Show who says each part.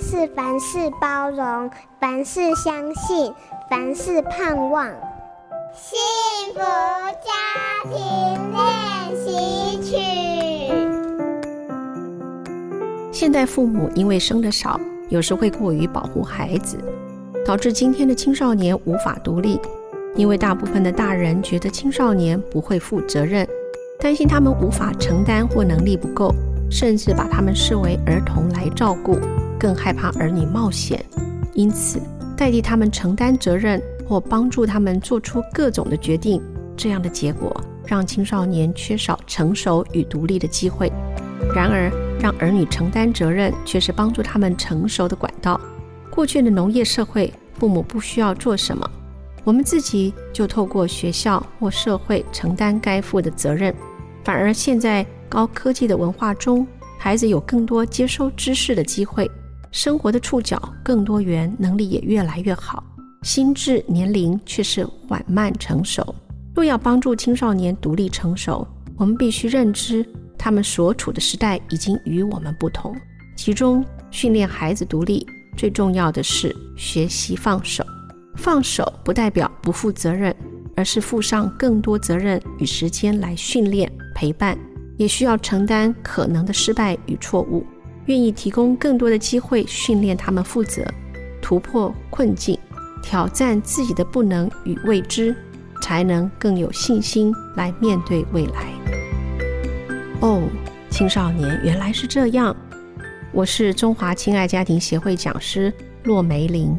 Speaker 1: 是凡事包容，凡事相信，凡事盼望。幸福家庭練習曲。
Speaker 2: 現代父母因為生得少，有時會過於保護孩子，導致今天的青少年無法獨立。因為大部分的大人覺得青少年不會負責任，擔心他們無法承擔或能力不夠，甚至把他們視為兒童來照顧。更害怕兒女冒險，因此代替他們承擔責任或幫助他們做出各種的決定，這樣的結果讓青少年缺少成熟與獨立的機會。然而，讓兒女承擔責任卻是幫助他們成熟的管道。過去的農業社會，父母不需要做什麼，我們自己就透過學校或社會承擔該負的責任。反而現在高科技的文化中，孩子有更多接收知識的機會。生活的觸角更多元，能力也越來越好，心智年齡卻是緩慢成熟。若要幫助青少年獨立成熟，我們必須認知他們所處的時代已經與我們不同。其中，訓練孩子獨立最重要的是學習放手。放手不代表不負責任，而是負上更多責任與時間來訓練陪伴，也需要承擔可能的失敗與錯誤。願意提供更多的機會，訓練他們負責、突破困境、挑戰自己的不能與未知，才能更有信心來面對未來。哦，青少年原來是這樣！我是中華親愛家庭協會講師駱玫
Speaker 3: 玲。